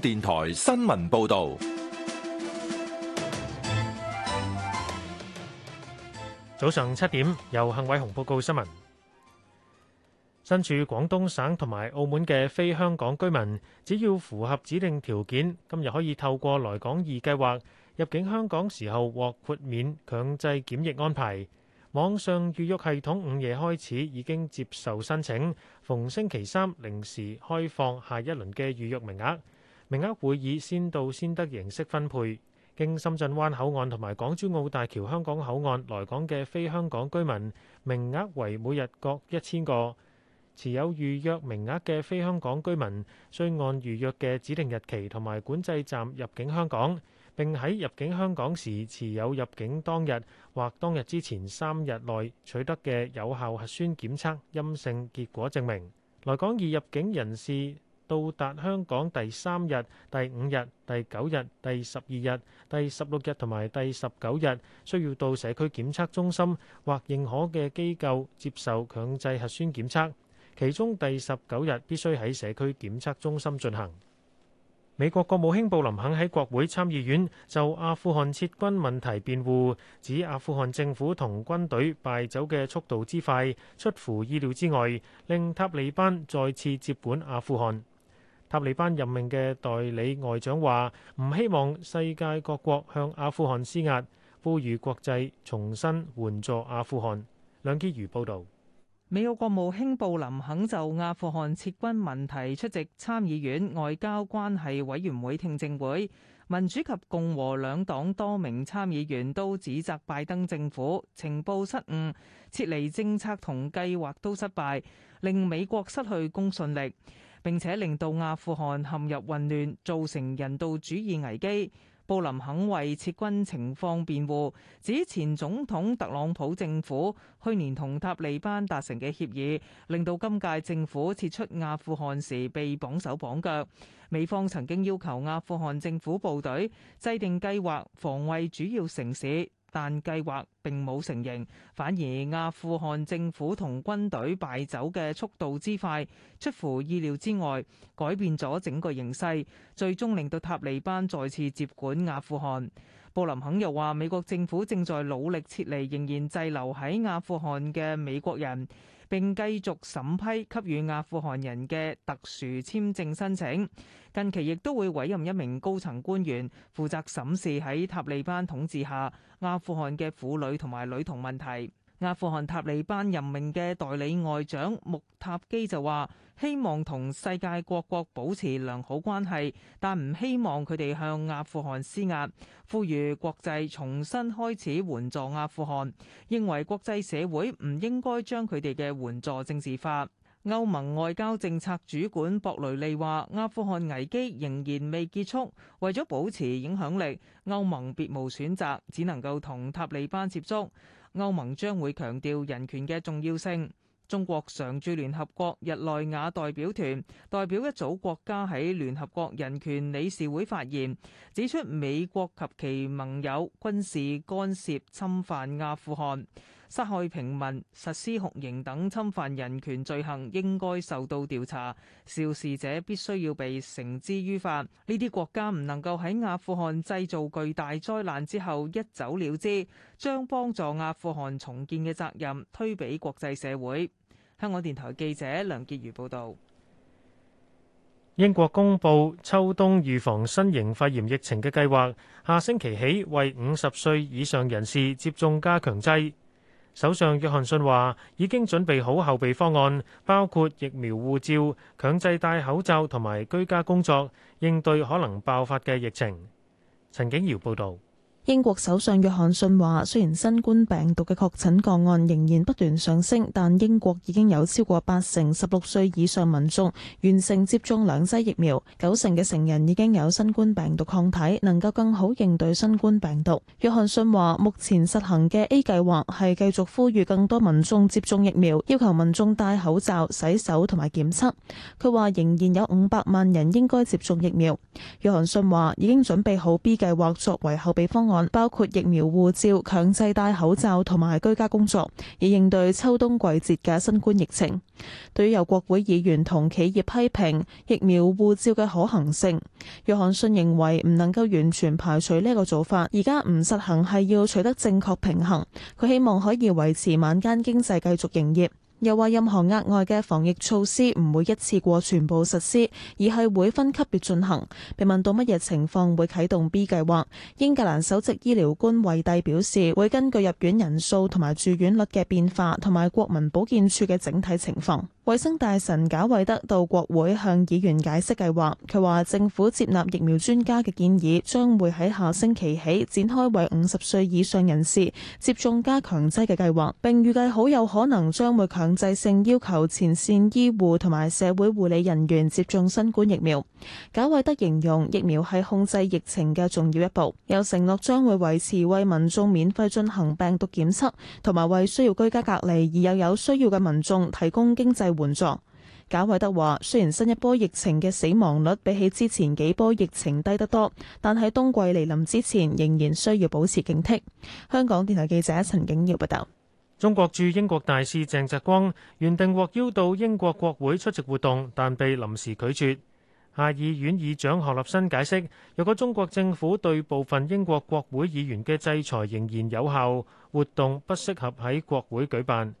電台新聞報道，早上七點由幸偉雄報告新聞。身處廣東省同埋澳門嘅非香港居民，只要符合指定條件，今日可以透過來港易計劃入境香港時候獲豁免強制檢疫安排。網上預約系統午夜開始已經接受申請，逢星期三零時開放下一輪嘅預約名額。名額會以先到先得形式分配，經深圳灣口岸同埋港珠澳大橋香港口岸來港嘅非香港居民，名額為每日各一千個。持有預約名額嘅非香港居民，需按預約嘅指定日期同埋管制站入境香港，並喺入境香港時持有入境當日或當日之前三日內取得嘅有效核酸檢測陰性結果證明。來港易入境人士，到達香港第三日、第五日、第九日、第十二日、第十六日同埋第十九日，需要到社區檢測中心或認可嘅機構接受強制核酸檢測，其中第十九日必須喺社區檢測中心進行。美國國務卿布林肯喺國會參議院就阿富汗撤軍問題辯護，指阿富汗政府同軍隊敗走嘅速度之快，出乎意料之外，令塔利班再次接管阿富汗。塔利班任命嘅代理外長話，唔希望世界各國向阿富汗施壓，呼籲國際重新援助阿富汗。梁基如報道。美國國務卿布林肯就阿富汗撤軍問題出席參議院外交關係委員會聽證會，民主及共和兩黨多名參議員都指責拜登政府情報失誤，撤離政策同計劃都失敗，令美國失去公信力。並且令到阿富汗陷入混亂，造成人道主義危機。布林肯為撤軍情況辯護，指前總統特朗普政府去年同塔利班達成嘅協議，令到今屆政府撤出阿富汗時被綁手綁腳。美方曾經要求阿富汗政府部隊制定計劃防衛主要城市。但計劃並冇成形，反而阿富汗政府同軍隊敗走嘅速度之快，出乎意料之外，改變咗整個形勢，最終令到塔利班再次接管阿富汗。布林肯又話，美國政府正在努力撤離仍然滯留喺阿富汗嘅美國人。並繼續審批給予阿富汗人嘅特殊簽證申請。近期亦都會委任一名高層官員，負責審視喺塔利班統治下阿富汗嘅婦女同埋女童問題。阿富汗塔利班任命嘅代理外長穆塔基就話：希望同世界各國保持良好關係，但唔希望佢哋向阿富汗施壓，呼籲國際重新開始援助阿富汗。認為國際社會唔應該將佢哋嘅援助政治化。歐盟外交政策主管博雷利話：阿富汗危機仍然未結束，為咗保持影響力，歐盟別無選擇，只能夠同塔利班接觸。歐盟將會強調人權嘅重要性。中國常駐聯合國日內瓦代表團代表一組國家喺聯合國人權理事會發言，指出美國及其盟友軍事干涉侵犯阿富汗。殺害平民、實施酷刑等侵犯人權罪行，應該受到調查。肇事者必須要被繩之於法。呢啲國家唔能夠喺阿富汗製造巨大災難之後一走了之，將幫助阿富汗重建嘅責任推俾國際社會。香港電台記者梁潔如報道。英國公布秋冬預防新型肺炎疫情嘅計劃，下星期起為五十歲以上人士接種加強劑。首相約翰遜話：已經準備好後備方案，包括疫苗護照、強制戴口罩同埋居家工作，應對可能爆發嘅疫情。陳景堯報道。英國首相約翰遜話：雖然新冠病毒嘅確診個案仍然不斷上升，但英國已經有超過八成十六歲以上民眾完成接種兩劑疫苗，九成嘅成人已經有新冠病毒抗體，能夠更好應對新冠病毒。約翰遜話：目前實行嘅 A 計劃係繼續呼籲更多民眾接種疫苗，要求民眾戴口罩、洗手同埋檢測。佢話仍然有五百萬人應該接種疫苗。約翰遜話：已經準備好 B 計劃作為後備方案。包括疫苗護照、強制戴口罩同埋居家工作，以應對秋冬季節嘅新冠疫情。對於由國會議員同企業批評疫苗護照嘅可行性，約翰遜認為唔能夠完全排除呢個做法，而家唔實行係要取得正確平衡。佢希望可以維持晚間經濟繼續營業。又話任何額外嘅防疫措施唔會一次過全部實施，而係會分級別進行。被問到乜嘢情況會啟動 B 計劃，英格蘭首席醫療官惠蒂表示，會根據入院人數同埋住院率嘅變化，同埋國民保健署嘅整體情況。衛生大臣賈偉德到國會向議員解釋計劃，佢話政府接納疫苗專家嘅建議，將會喺下星期起展開為五十歲以上人士接種加強劑嘅計劃，並預計好有可能將會強制性要求前線醫護同埋社會護理人員接種新冠疫苗。賈偉德形容疫苗係控制疫情嘅重要一步，又承諾將會維持為民眾免費進行病毒檢測，同埋為需要居家隔離而又有，有需要嘅民眾提供經濟。換作，賈偉德話：雖然新一波疫情嘅死亡率比起之前幾波疫情低得多，但喺冬季嚟臨之前，仍然需要保持警惕。香港電台記者陳景耀報道。中國駐英國大使鄭澤光原定獲邀到英國國會出席活動，但被臨時拒絕。下議院議長何立新解釋：若果中國政府對部分英國國會議員嘅制裁仍然有效，活動不適合喺國會舉辦。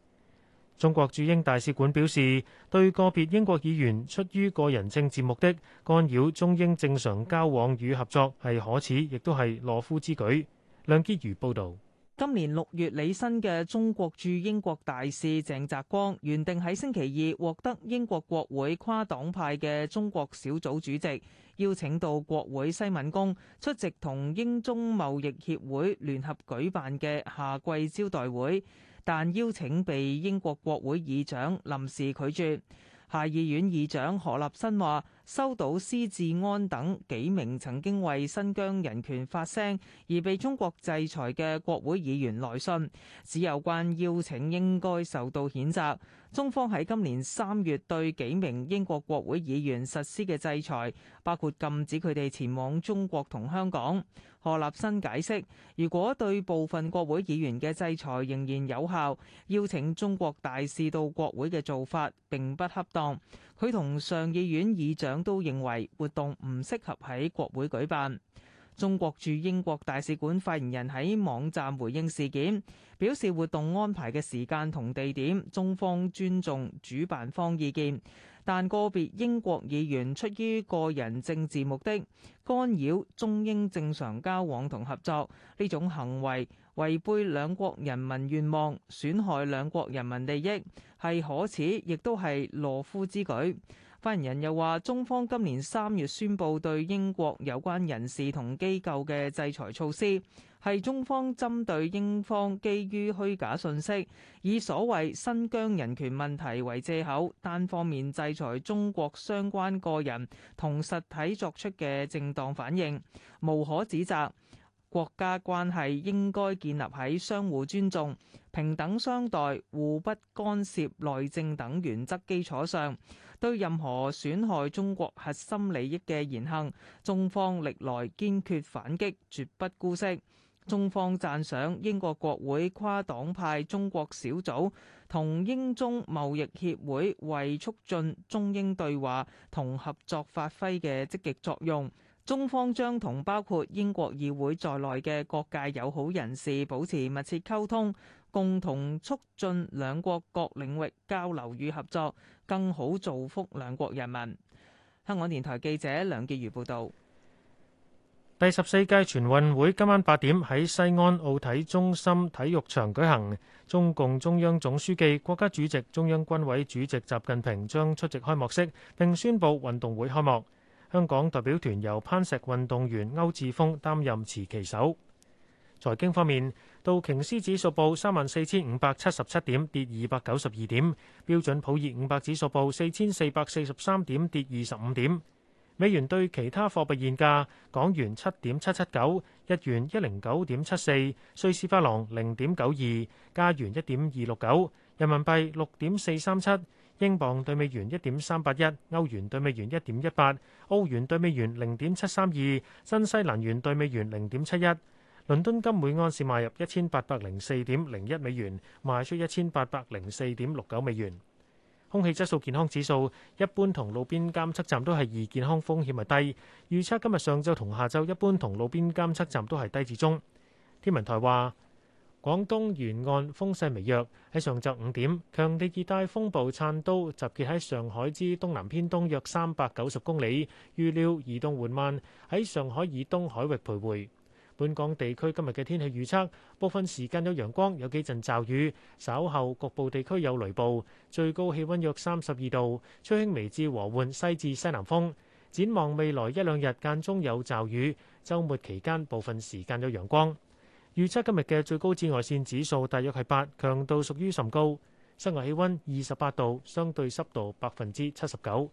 中國駐英大使館表示，對個別英國議員出於個人政治目的干擾中英正常交往與合作係可恥，亦都係懦夫之舉。梁潔如報導。今年六月履新嘅中國駐英國大使鄭澤光，原定喺星期二獲得英國國會跨黨派嘅中國小組主席邀請，到國會西敏宮出席同英中貿易協會聯合舉辦嘅夏季招待會。但邀請被英國國會議長臨時拒絕。下議院議長何立新話。收到施志安等幾名曾經為新疆人權發聲而被中國制裁嘅國會議員來信，指有關邀請應該受到譴責。中方喺今年三月對幾名英國國會議員實施嘅制裁，包括禁止佢哋前往中國同香港。何立新解釋，如果對部分國會議員嘅制裁仍然有效，邀請中國大使到國會嘅做法並不恰當。佢同上議院議長，都認為活動唔適合喺國會舉辦。中國駐英國大使館發言人喺網站回應事件，表示活動安排嘅時間同地點，中方尊重主辦方意見。但個別英國議員出於個人政治目的，干擾中英正常交往同合作，呢種行為違背兩國人民願望，損害兩國人民利益，係可恥，亦都係懦夫之舉。發言人又話：中方今年三月宣布對英國有關人士同機構嘅制裁措施，係中方針對英方基於虛假信息，以所謂新疆人權問題為借口，單方面制裁中國相關個人同實體作出嘅正當反應，無可指責。國家關係應該建立喺相互尊重、平等相待、互不干涉內政等原則基礎上。對任何損害中國核心利益嘅言行，中方歷來堅決反擊，絕不姑息。中方讚賞英國國會跨黨派中國小組同英中貿易協會為促進中英對話同合作發揮嘅積極作用。中方將同包括英國議會在內嘅各界友好人士保持密切溝通，共同促進兩國各領域交流與合作，更好造福兩國人民。香港電台記者梁潔如報道。第十四屆全運會今晚八點喺西安奧體中心體育場舉行，中共中央總書記、國家主席、中央軍委主席習近平將出席開幕式，並宣布運動會開幕。香港代表團由攀石運動員歐智峰擔任持旗手。財經方面，道瓊斯指數報三萬四千五百七十七點，跌二百九十二點；標準普爾五百指數報四千四百四十三點，跌二十五點。美元對其他貨幣現價：港元七點七七九，日元一零九點七四，瑞士法郎零點九二，加元一點二六九，人民幣六點四三七。英鎊兌美元一點三八一，歐元兌美元一點一八，歐元兌美元零點七三二，新西蘭元兌美元零點七一。倫敦金每安士買入一千八百零四點零一美元，賣出一千八百零四點六九美元。空氣質素健康指數一般，同路邊監測站都係二，健康風險係低。預測今日上晝同下晝一般同路邊監測站都係低至中。天文台話。廣東沿岸風勢微弱，喺上晝五點，強烈熱帶風暴燦都集結喺上海之東南偏東約三百九十公里，預料移動緩慢，喺上海以東海域徘徊。本港地區今日嘅天氣預測，部分時間有陽光，有幾陣驟雨，稍後局部地區有雷暴，最高氣溫約三十二度，吹輕微至和緩西至西南風。展望未來一兩日間中有驟雨，週末期間部分時間有陽光。預測今日嘅最高紫外線指數大約係八，強度屬於甚高。室外氣温二十八度，相對濕度百分之七十九。